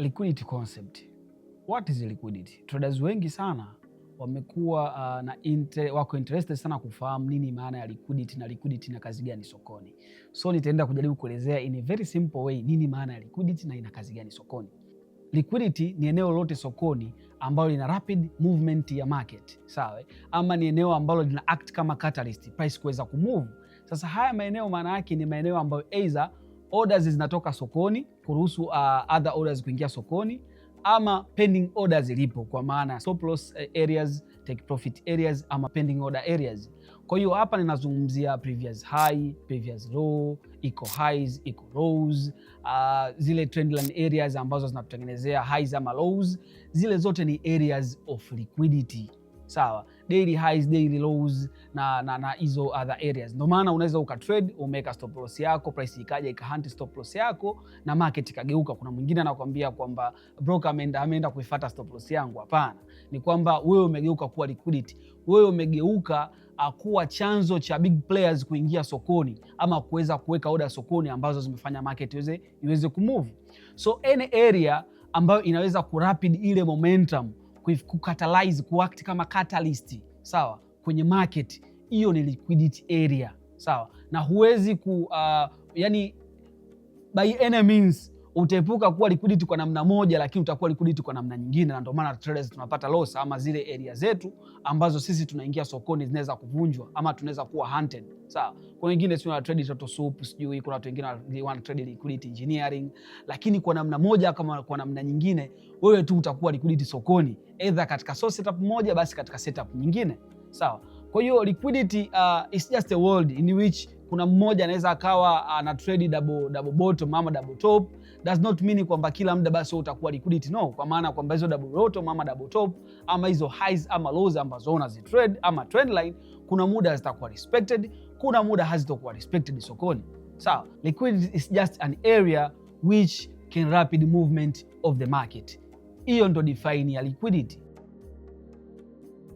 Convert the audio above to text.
liquidity concept. What is liquidity? Traders wengi sana wamekuwa uh, na inter, wako interested sana kufahamu nini maana ya liquidity na liquidity na kazi gani sokoni. So nitaenda kujaribu kuelezea in a very simple way nini maana ya liquidity na ina kazi gani sokoni. Liquidity ni eneo lote sokoni ambalo lina rapid movement ya market, sawa? Ama ni eneo ambalo lina act kama catalyst price kuweza kumove. Sasa haya maeneo maana yake ni maeneo ambayo either orders zinatoka sokoni kuruhusu uh, other orders kuingia sokoni ama pending orders ilipo, kwa maana stop loss eh, areas, take profit areas ama pending order areas. Kwa hiyo hapa ninazungumzia previous high, previous low, iko highs, iko lows, uh, zile trendline areas ambazo zinatutengenezea highs ama lows, zile zote ni areas of liquidity, sawa daily highs, daily lows na na na hizo other areas. Ndio maana unaweza ukatrade umeweka stop loss yako, price ikaja ikahunt stop loss yako na market ikageuka. Kuna mwingine anakuambia kwamba broker ameenda ameenda kuifuata stop loss yangu. Hapana, ni kwamba wewe umegeuka kuwa liquidity, wewe umegeuka uh, kuwa chanzo cha big players kuingia sokoni ama kuweza kuweka oda sokoni ambazo zimefanya market iweze iweze kumove. So any area ambayo inaweza kurapid ile momentum kukatalyze, kuact kama catalyst, sawa, kwenye market. Hiyo ni liquidity area, sawa, na huwezi ku uh, yani by any means utaepuka kuwa liquidity kwa namna moja, lakini utakuwa liquidity kwa namna nyingine, na ndio maana traders tunapata loss, ama zile area zetu ambazo sisi tunaingia sokoni zinaweza kuvunjwa ama tunaweza kuwa hunted. Sawa, kwa wengine sio na trade total soup, sijui kuna watu wengine wana trade liquidity engineering, lakini kwa namna moja kama kwa namna nyingine, wewe tu utakuwa liquidity sokoni, either katika source setup moja, basi katika setup nyingine. Sawa, kwa hiyo liquidity uh, is just a world in which kuna mmoja anaweza akawa ana trade double, double bottom ama double top. Does not mean kwamba kila muda basi utakuwa liquidity no, kwa maana kwamba hizo double bottom ama double top ama hizo highs ama lows ambazo unazi trade ama trend line, kuna muda zitakuwa respected, kuna muda hazitakuwa respected sokoni. Sawa, so, liquidity is just an area which can rapid movement of the market. Hiyo ndo define ya liquidity.